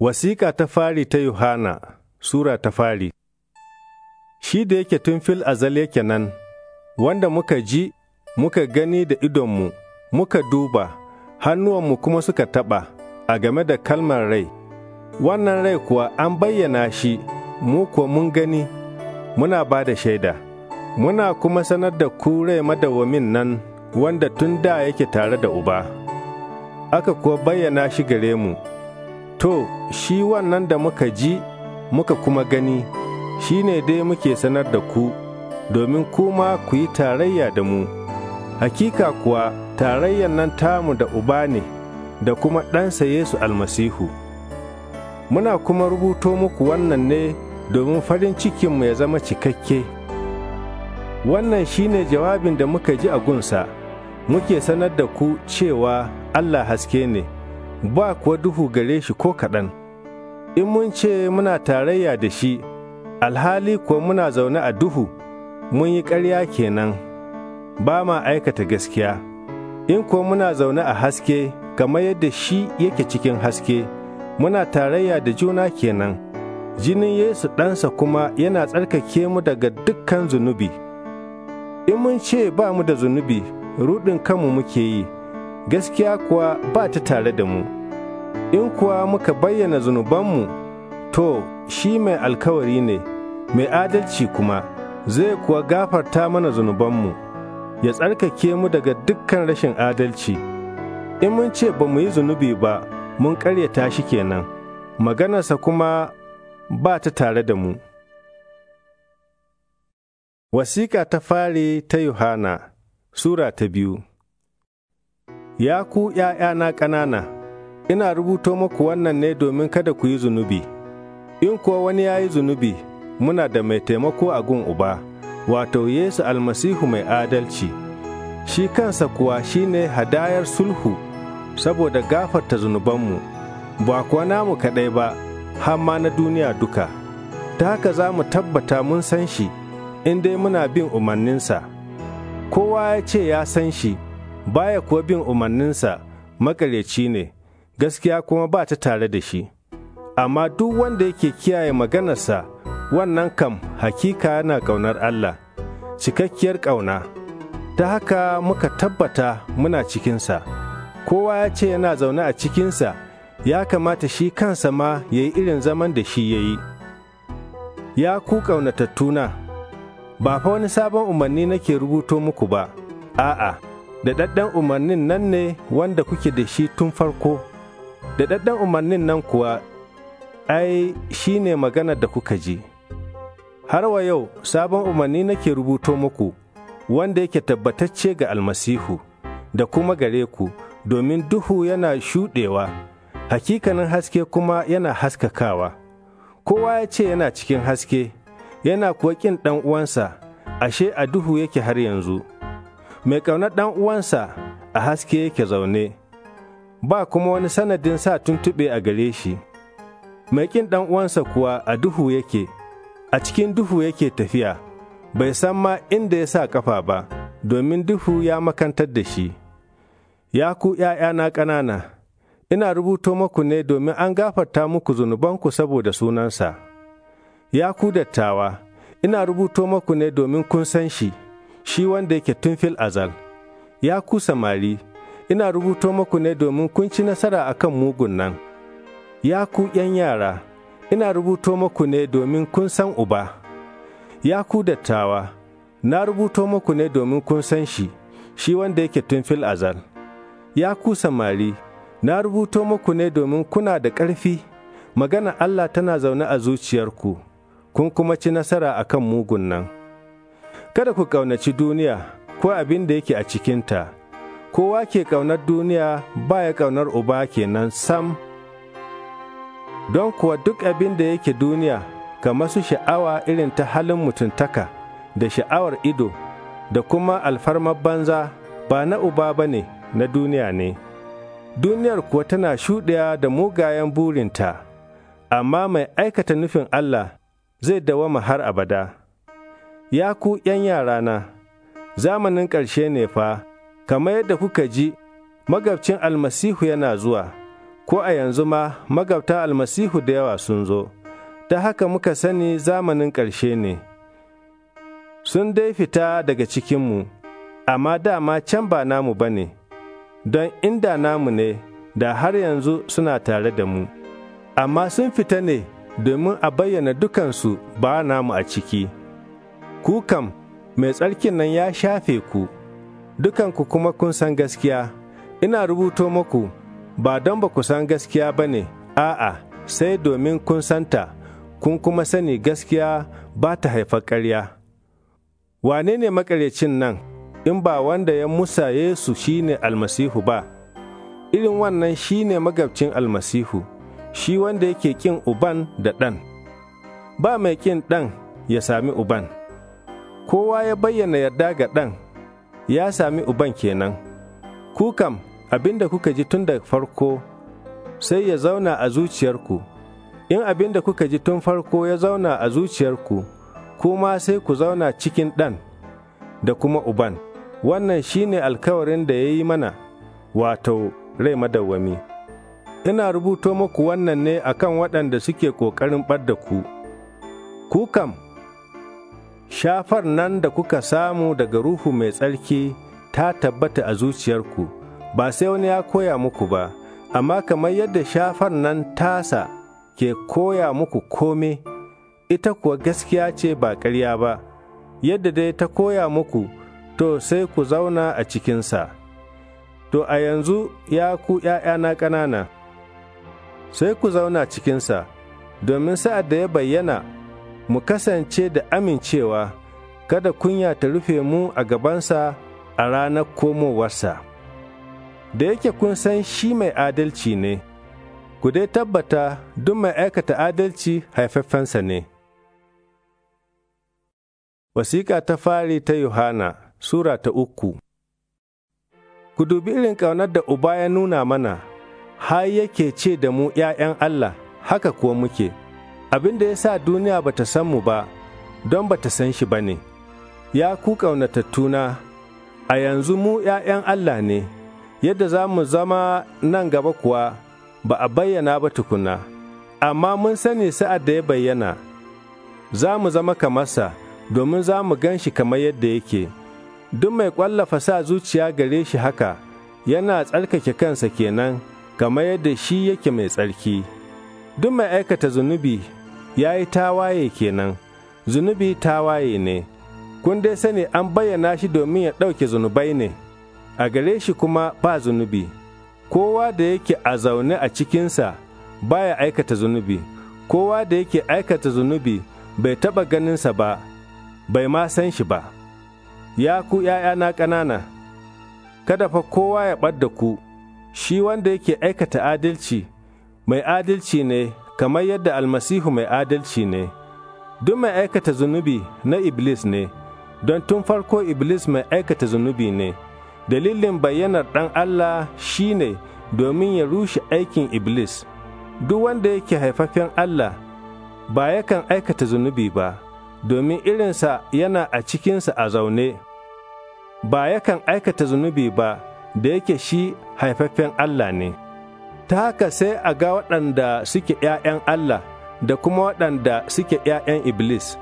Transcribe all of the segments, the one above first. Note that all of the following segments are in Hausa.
Wasiƙa ta fari ta Yohana Sura ta fari Shi da yake tun fil azal yake nan, wanda muka ji, muka gani da idonmu, muka duba, hannuwanmu kuma suka taɓa a game da kalmar rai, wannan rai kuwa an bayyana shi, mu kuwa mun gani, muna ba da shaida, muna kuma sanar da ku rai madawamin nan wanda tun da yake tare da uba, aka kuwa bayyana shi gare mu. To, shi wannan da muka ji, muka kuma gani, shi ne dai muke sanar da ku, domin kuma ku yi tarayya da mu. Hakika kuwa tarayyan nan tamu da Uba ne, da kuma ɗansa Yesu almasihu. Muna kuma rubuto muku wannan ne domin farin cikinmu ya zama cikakke. Wannan shi ne jawabin da muka ji a gunsa, muke sanar da ku cewa Allah haske ne. ba kuwa duhu gare shi ko kaɗan. In mun ce muna tarayya da shi, alhali kuwa muna zaune a duhu, mun yi ƙarya kenan, ba ma aikata gaskiya. In kuwa muna zaune a haske, kamar yadda shi yake cikin haske, muna tarayya da juna kenan. Jinin Yesu ɗansa kuma yana tsarkake mu daga dukkan zunubi. In mun ce ba mu da zunubi, ruɗin kanmu muke yi. gaskiya kuwa ba ta tare da mu, in kuwa muka bayyana zunubanmu, to, shi mai alkawari ne, mai adalci kuma, zai kuwa gafarta mana zunubanmu, ya tsarkake mu daga dukkan rashin adalci. In mun ce ba mu yi zunubi ba, mun ƙaryata shi kenan, maganarsa kuma ba ta tare da mu. Wasiƙa ta fari ta Yohana Sura ta biyu Ya ku ’ya'yana ƙanana, ina rubuto muku wannan ne domin kada ku yi zunubi, in kuwa wani ya yi zunubi, muna da mai taimako a gun Uba, wato Yesu almasihu mai adalci, shi kansa kuwa shi ne hadayar sulhu saboda gafarta zunubanmu, ba kuwa namu kaɗai ba, hamma na duniya duka. Ta haka za mu tabbata mun san shi, in dai muna bin umarninsa. Kowa ya ce ya san shi. baya kuwa bin umarninsa makareci ne, gaskiya kuma ba ta tare da shi. Amma duk wanda yake kiyaye maganarsa wannan kam hakika yana ƙaunar Allah, cikakkiyar ƙauna. Ta haka muka tabbata muna cikinsa, kowa ya ce yana zaune a cikinsa, ya kamata shi kansa ma ya yi irin zaman da shi ya yi. Ya ku ƙaunatattuna, ba fa wani sabon umarni nake rubuto muku ba, a'a. daɗaɗɗen umarnin nan ne wanda kuke da shi tun farko, daɗaɗɗen umarnin nan kuwa ai shi ne maganar da kuka ji. Har wa yau sabon umarni nake rubuto muku wanda yake tabbatacce ga almasihu da kuma gare ku domin duhu yana shuɗewa, hakikanin haske kuma yana haskakawa. Kowa ya ce yana cikin haske, yana kuwa ƙin uwansa, ashe a duhu yake har yanzu. mai ƙaunar ɗan uwansa a haske yake zaune, ba kuma wani sanadin sa tuntuɓe a gare shi, mai ƙin ɗan uwansa kuwa a duhu yake, a cikin duhu yake tafiya, bai san ma inda ya sa ƙafa ba, domin duhu ya makantar da shi. Ya ku ’ya'yana ƙanana, ina rubuto maku ne domin an gafarta muku zunubanku saboda sunansa. Ya ku dattawa, ina rubuto maku ne domin kun san shi. shi wanda yake tun fil azal. Ya ku samari, ina rubuto maku ne domin kun ci nasara a kan mugun nan. Ya ku ’yan yara, ina rubuto maku ne domin kun san uba. Ya ku dattawa, na rubuto maku ne domin kun san shi, shi wanda yake tun fil azal. Ya ku samari, na rubuto maku ne domin kuna da ƙarfi, magana Allah tana zaune a zuciyarku, kun kuma ci nasara a kan mugun nan. Kada ku ƙaunaci duniya ko abin da yake a cikinta, kowa ke ƙaunar duniya ba ya ƙaunar uba kenan sam. Don kuwa duk abin da yake duniya kamar su sha'awa irin ta halin mutuntaka da sha'awar ido da kuma alfarma banza ba na uba ba ne na duniya ne. Duniyar kuwa tana shuɗiya da mugayen burinta, amma mai aikata nufin Allah zai dawama har abada. Ya ku ’yan yarana, zamanin ƙarshe ne fa, kamar yadda kuka ji, magabcin almasihu yana zuwa, ko a yanzu ma magabta almasihu da yawa sun zo, ta haka muka sani zamanin ƙarshe ne. Sun dai fita daga cikinmu, amma dama can ba namu ba ne, don inda namu ne, da har yanzu suna tare da mu, amma sun fita ne domin a bayyana dukansu ba namu a ciki. ku kam mai tsarkin nan ya shafe ku, dukanku kuma kun san gaskiya, ina rubuto muku ba don ba ku san gaskiya ba ne, a'a, sai domin kun santa, kun kuma sani gaskiya ba ta haifar ƙarya. Wane ne makarecin nan, in ba wanda ya musa Yesu shi ne almasihu ba, irin wannan shi ne magabcin almasihu, shi wanda yake ƙin uban da ɗan, ba mai ƙin ɗan ya sami uban. kowa ya bayyana yarda ga ɗan ya sami uban kenan ku kam abin da kuka ji tun da farko sai ya zauna a zuciyarku in abin da kuka ji tun farko ya zauna a zuciyarku kuma sai ku zauna cikin ɗan da kuma uban wannan shi ne alkawarin da ya yi mana wato rai madawwami ina rubuto muku wannan ne akan waɗanda suke ƙoƙarin ɓad da ku ku shafar nan da kuka samu daga Ruhu mai tsarki ta tabbata a zuciyarku, ba sai wani ya koya muku ba, amma kamar yadda shafar nan tasa ke koya muku kome, ita kuwa gaskiya ce ba karya ba, yadda dai ta koya muku, to sai ku zauna a cikinsa. To a yanzu ya ku ’ya'yana ƙanana, sai ku zauna cikinsa, domin sa'ad da ya bayyana. mu kasance da amincewa kada kunya ta rufe mu a gabansa a ranar komowarsa. Da yake kun san shi mai adalci ne, ku dai tabbata duk mai aikata adalci haifaffensa ne. Wasiƙa ta fari ta Yohana Sura ta uku Ku dubi irin ƙaunar da Uba ya nuna mana, har yake ce da mu ’ya'yan Allah, haka kuwa muke. abin da ya sa duniya ba ta san mu ba don ba ta san shi ba ne, ya ku ƙaunatattuna, a yanzu mu ’ya'yan Allah ne, yadda za mu zama nan gaba kuwa ba a bayyana ba tukuna, amma mun sani sa'ad da ya bayyana, za mu zama kamarsa domin za mu gan shi kamar yadda yake, duk mai ƙwallafa sa zuciya gare shi haka yana tsarkake kansa kenan kamar yadda shi yake mai tsarki. Duk mai aikata zunubi ya yi tawaye kenan zunubi tawaye ne kun dai sani an bayyana shi domin ya ɗauke zunubai ne a gare shi kuma ba zunubi kowa da yake a zaune a cikinsa ba ya aikata zunubi kowa da yake aikata zunubi bai taɓa ganinsa ba bai ma san shi ba ya ku ’ya'yana ƙanana kada fa kowa ya ɓad da ku shi wanda yake aikata adalci mai adalci ne kamar yadda almasihu mai adalci ne, duk mai aikata zunubi na Iblis ne, don tun farko Iblis mai aikata zunubi ne, dalilin bayyanar ɗan Allah shi ne domin ya rushe aikin Iblis, duk wanda yake haifafen Allah ba yakan aikata zunubi ba, domin irinsa yana a cikinsa a zaune, ba yakan aikata zunubi ba da yake shi haifafen Allah ne. ta haka sai a ga waɗanda suke ‘ya'yan Allah da kuma waɗanda suke ‘ya'yan Iblis,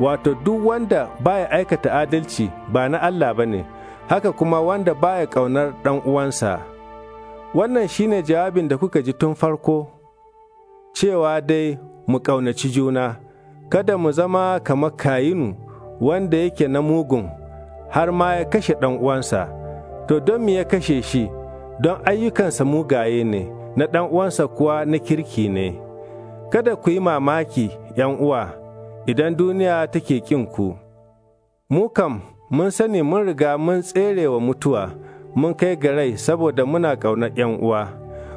wato duk wanda baya aikata adalci ba na Allah ba ne, haka kuma wanda baya ƙaunar ɗan uwansa. Wannan shine jawabin da kuka ji tun farko, cewa dai mu ƙaunaci juna, kada mu zama kamar kayinu wanda yake na mugun, har ma ya kashe ɗan uwansa, to don me ya kashe shi? don ayyukansa mugaye ne, na ɗan uwansa kuwa na kirki ne. Kada ku yi mamaki, ’yan uwa, idan duniya take ƙin ku. Mu kam, mun sani mun riga mun tsere wa mutuwa, mun kai ga rai saboda muna ƙauna ’yan uwa.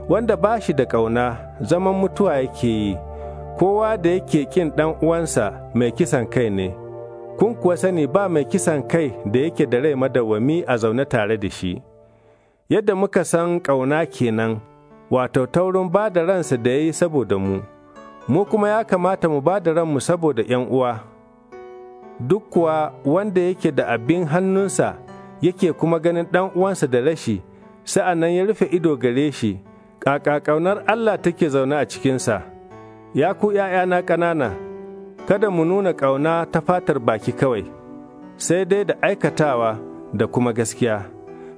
Wanda ba shi da ƙauna, zaman mutuwa yake yi, kowa da yake ƙin ɗan uwansa mai kisan kai ne. Kun kuwa sani ba mai kisan kai da yake da rai madawwami a zaune tare da shi. Yadda muka san ƙauna kenan. wato taurin ba da ransa da ya yi saboda mu, mu kuma ya kamata mu ba da ranmu saboda ‘yan uwa. Duk kuwa wanda yake da abin hannunsa yake kuma ganin ɗan uwansa da rashi, sa'an nan ya rufe ido gare shi, ƙaƙaƙaunar Allah take zaune a cikinsa. Ya ku ’ya'yana ƙanana, kada mu nuna ƙauna ta fatar baki kawai, sai dai da aikatawa da kuma gaskiya.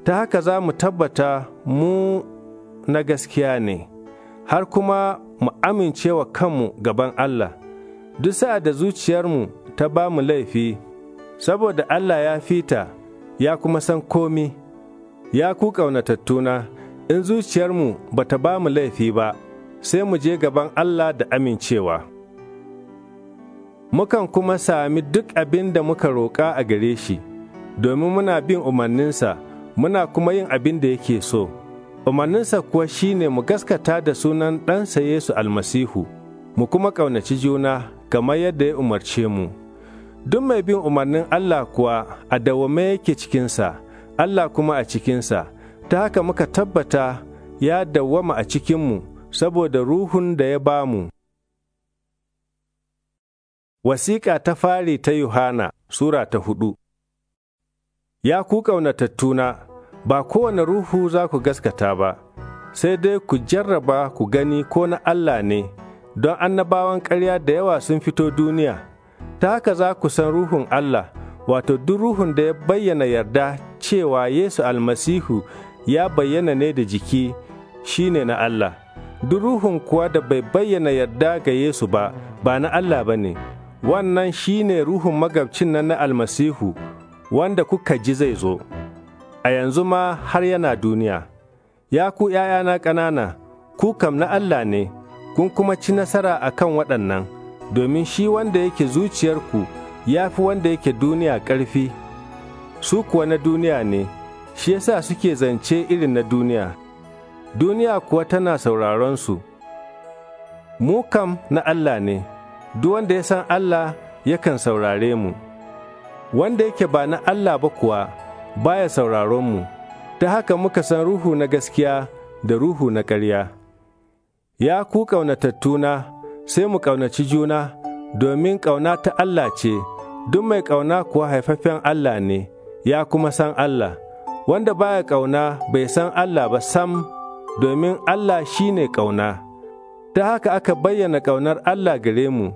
Ta haka za mu tabbata mu na gaskiya ne, har kuma mu amincewa kanmu gaban Allah, duk sa'a da zuciyarmu ta ba mu laifi, saboda Allah ya fita ya kuma san komi, ya ku ƙaunatattuna, in zuciyarmu ba ta ba mu laifi ba, sai mu je gaban Allah da amincewa. Mukan kuma sami duk abin da muka roƙa a gare shi, domin muna bin umarninsa, muna kuma yin abin da yake so. umarninsa kuwa shi ne mu gaskata da sunan ɗansa Yesu almasihu, mu kuma ƙaunaci juna kamar yadda ya umarce mu. Duk mai bin umarnin Allah kuwa a dawame yake cikinsa, Allah kuma a cikinsa, ta haka muka tabbata ya dawwama a cikinmu saboda ruhun da ya bamu. Wasiƙa ta fari ta Yohana Sura ta hudu Ya ku ƙaunatattuna, ba kowane ruhu za ku gaskata ba, sai dai ku jarraba ku gani ko na Allah ne, don annabawan ƙarya da yawa sun fito duniya, ta haka za ku san ruhun Allah, wato duk ruhun da ya bayyana yarda cewa Yesu almasihu ya bayyana ne da jiki shi ne na Allah. Duk ruhun kuwa da bai bayyana yarda ga Yesu ba, ba na Allah ba ne, wannan shi ne ruhun magabcin nan na almasihu, wanda kuka ji zai zo. a yanzu ma har yana duniya. Ya ku ’ya'yana ƙanana, ku kam na Allah ne, kun kuma ci nasara a kan waɗannan, domin shi wanda yake zuciyarku ya fi wanda yake duniya ƙarfi, su kuwa na duniya ne, shi yasa suke zance irin na duniya, duniya kuwa tana sauraronsu. Mu kam na Allah ne, duk wanda ya san Allah yakan saurare mu, wanda yake ba na Allah ba kuwa. baya sauraron mu ta haka muka san ruhu na gaskiya da ruhu na ƙarya. Ya ku ƙaunatattuna, sai mu ƙaunaci juna, domin ƙauna ta Allah ce, duk mai ƙauna kuwa haifaffen Allah ne, ya kuma san Allah, wanda baya ƙauna bai san Allah ba sam, domin Allah shi ne ƙauna. Ta haka aka bayyana ƙaunar Allah gare mu,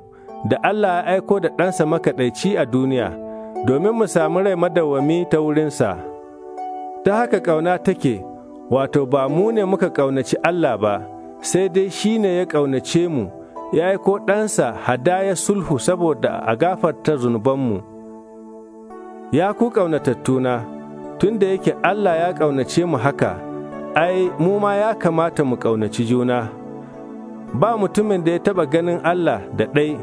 da Allah ya aiko da ɗansa makaɗaici a duniya. domin mu sami rai madawwami ta wurinsa. Ta haka ƙauna take, wato ba mu ne muka ƙaunaci Allah ba, sai dai shi ne ya ƙaunace mu, ya yi ko ɗansa hadaya sulhu saboda a gafarta zunubanmu. Ya ku ƙaunatattuna, tun da yake Allah ya ƙaunace mu haka, ai, mu ma ya kamata mu ƙaunaci juna. Ba mutumin da ya taɓa ganin Allah da ɗai,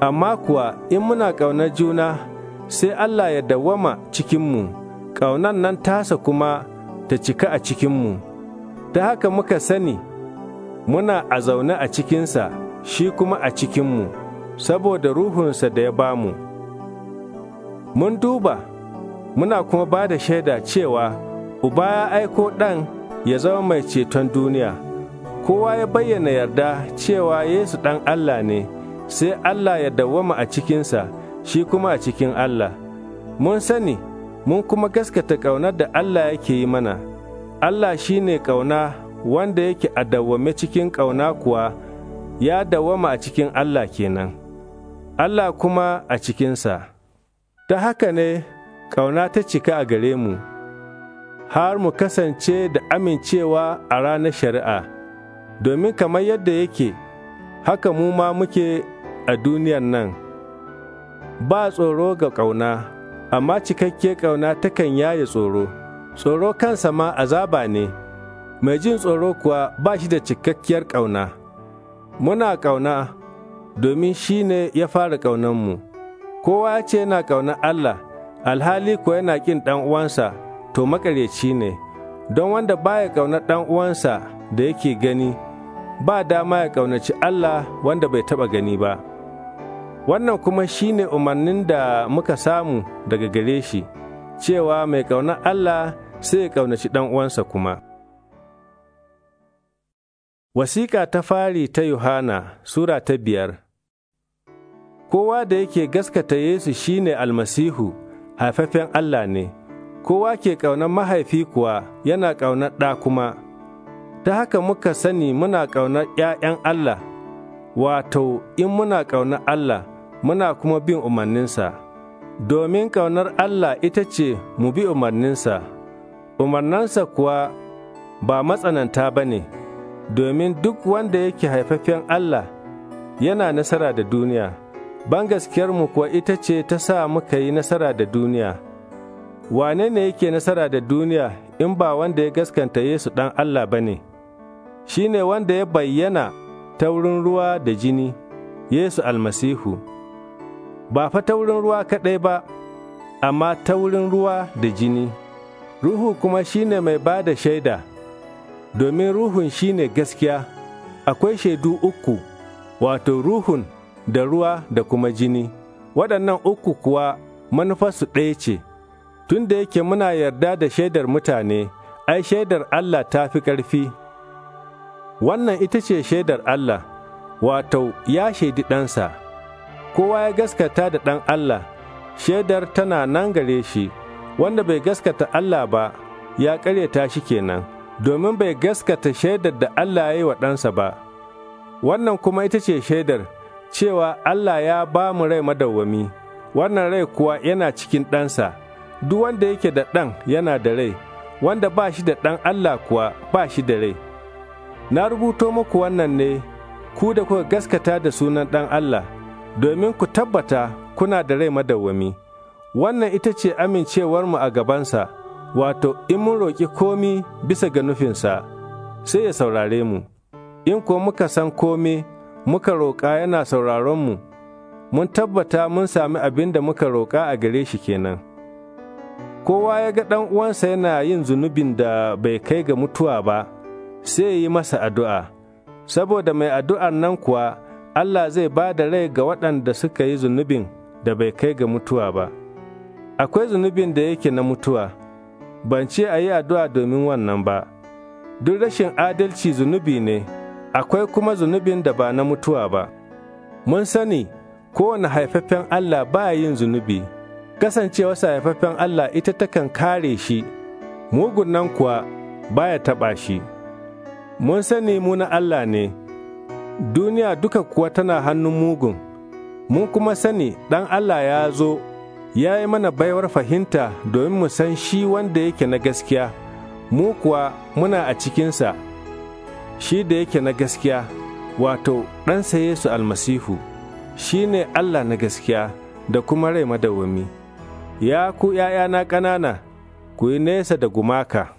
amma kuwa in muna ƙaunar juna, sai Allah ya dawwama cikinmu, ƙaunan nan tasa kuma ta cika a cikinmu, ta haka muka sani muna a zaune a cikinsa shi kuma a cikinmu, saboda ruhunsa da ya bamu. Mun duba, muna kuma ba da shaida cewa Uba ya aiko ɗan ya zama mai ceton duniya, kowa ya bayyana yarda cewa Yesu ɗan Allah ne, sai Allah ya dawwama a cikinsa. shi kuma a cikin Allah. Mun sani, mun kuma gaskata ƙaunar da Allah yake yi mana, Allah shi ne ƙauna wanda yake a dawwame cikin ƙauna kuwa ya dawwama a cikin Allah kenan, Allah kuma a cikinsa. Ta haka ne, ƙauna ta cika a gare mu, har mu kasance da amincewa a ranar shari'a, domin kamar yadda yake, haka mu ma muke a duniyar nan. ba tsoro ga ƙauna, amma cikakke ƙauna takan yaye tsoro, tsoro kansa ma azaba ne, mai jin tsoro kuwa ba shi da cikakkiyar ƙauna. Muna ƙauna domin shi ne ya fara ƙaunanmu, kowa ya ce yana ƙaunar Allah, alhali kuwa yana ƙin ɗan uwansa, to maƙaryaci ne, don wanda baya ƙaunar ɗan uwansa da yake gani, ba dama ya ƙaunaci Allah wanda bai taɓa gani ba. Wannan kuma shi ne umarnin da muka samu daga gare shi, cewa mai ƙaunar Allah sai ya ƙaunaci uwansa kuma. Wasiƙa ta fari ta Yohana Sura ta biyar Kowa da yake gaskata Yesu shi ne almasihu, haifafen Allah ne, kowa ke ƙaunar mahaifi kuwa yana ƙaunar ɗa kuma. ta haka muka sani muna ƙaunar ‘ya'yan Allah, wato, in muna ƙaunar Allah, muna kuma bin umarninsa, domin ƙaunar Allah ita ce mu bi umarninsa, umarninsa kuwa ba matsananta ba ne, domin duk wanda yake haifafen Allah yana nasara da duniya, Ban mu kuwa ita ce ta sa muka yi nasara da duniya. Wane ne yake nasara da duniya in ba wanda ya gaskanta Yesu ɗan Allah ba ne, shi ne wanda ya bayyana ta wurin ruwa da jini, Yesu almasihu. ba fa ta wurin ruwa kaɗai ba, amma ta wurin ruwa da jini. Ruhu kuma shi ne mai ba da shaida, domin ruhun shi ne gaskiya, akwai shaidu uku, wato ruhun da ruwa da kuma jini. Waɗannan uku kuwa manufarsu ɗaya ce, tun da yake muna yarda da shaidar mutane, ai shaidar Allah ta fi ƙarfi. Wannan ita ce shaidar Allah, wato ya shaidi ɗansa. kowa ya gaskata da ɗan Allah, shaidar tana nan gare shi, wanda bai gaskata Allah ba ya ƙaryata shi kenan, domin bai gaskata shaidar da Allah ya yi wa ɗansa ba. Wannan kuma ita ce shaidar cewa Allah ya ba mu rai madawwami, wannan rai kuwa yana cikin ɗansa, duk wanda yake da ɗan yana da rai, wanda ba shi da ɗan Allah kuwa ba shi da rai. Na rubuto muku wannan ne, ku da kuka gaskata da sunan ɗan Allah. domin ku tabbata kuna da rai madawwami. Wannan ita ce amincewar mu a gabansa, wato, in mun roƙi komi bisa ga nufinsa, sai ya saurare mu, in ko muka san komi muka roƙa yana sauraronmu, mun tabbata mun sami abin da muka roƙa a gare shi kenan. Kowa ya ga ɗan uwansa yana yin zunubin da bai kai ga mutuwa ba, sai ya yi masa addu'a, saboda mai addu'ar nan kuwa. Allah zai ba da rai ga waɗanda suka yi zunubin da bai kai ga mutuwa ba. Akwai zunubin da yake na mutuwa, ban ce a yi addu'a domin wannan ba, duk rashin adalci zunubi ne, akwai kuma zunubin da ba na mutuwa ba. Mun sani kowane haifaffen Allah ba yin zunubi, kasancewarsa haifaffen Allah ita takan kare shi, mugun nan kuwa baya taɓa shi. Mun sani mu na Allah ne. duniya duka kuwa tana hannun mugun, mun kuma sani ɗan Allah ya zo, ya yi mana baiwar fahimta domin mu san shi wanda yake na gaskiya, mu kuwa muna a cikinsa, shi da yake na gaskiya, wato ɗansa Yesu almasihu, shi ne Allah na gaskiya da kuma rai madawwami. Ya ku ’ya'yana ƙanana, ku yi nesa da gumaka.